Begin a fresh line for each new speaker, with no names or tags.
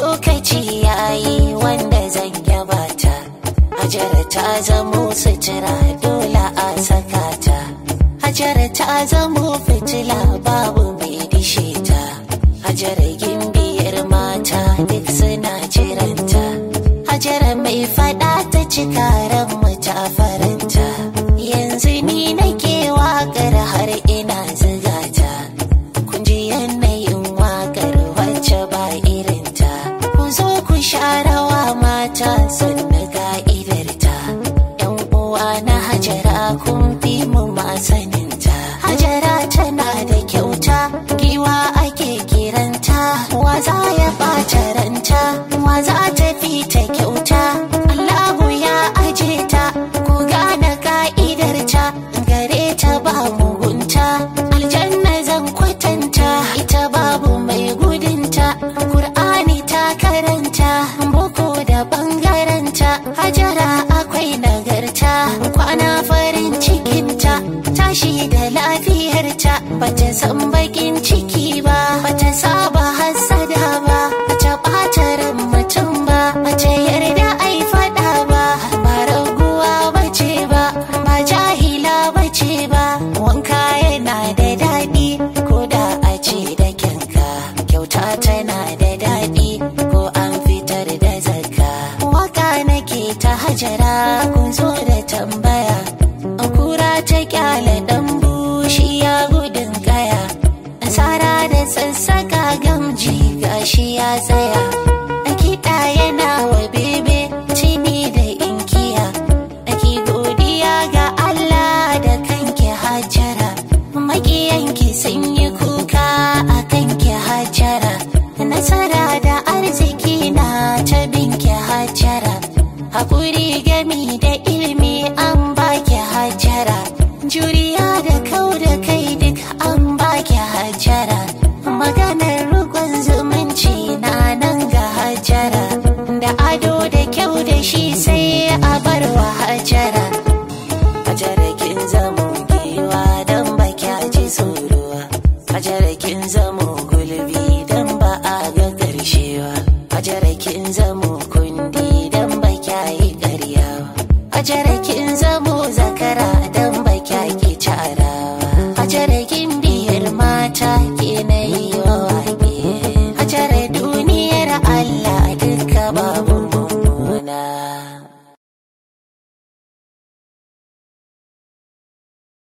lokaci ya yi wanda zan gabata hajara ta zamo sutura dole a sakata ta hajara ta zamo fitila babu mai dishe ta hajara gimbiyar mata duk suna jiranta hajara mai fada ta cikaran ran daga ka'idarta, yan uwa na hajara kun fi mu masaninta hajara tana da kyauta giwa ake kiranta wa za ya bata ranta wa za ta fi ta kyauta allahu ya aje ta ku gane ka'idarta gare ta ba mugunta aljanna zan kwatanta ita babu mai bata san bakin ciki ba bata saba hasada ba bata ɓata ran mutum ba bata yarda ai faɗa ba ba raguwa bace ba ba jahila bace ba wanka yana da daɗi ko da a ce da kyanka kyauta tana da daɗi ko an fitar da zakka waka nake ta hajara kun zo da tambaya kura ta kyale ɗan bushi ya sassaka gamji gashi ya tsaya a kiɗa yana wa bebe cini da inkiya ake godiya ga Allah da kanki hajjara makiyanki sun yi kuka a kanki hajjara nasara da arziki na ta binki hajjara hakuri gami da ilimi an baki hajjara juri shi sai a bar wa hajara hajara zamo kewa dan ba kya ji A hajara zamo gulbi dan ba a ga ƙarshewa. ba zamo kundi dan ba kya yi ƙarya zamo zakara dan ba kya carawa. A hajara biyar mata ke na yi Now.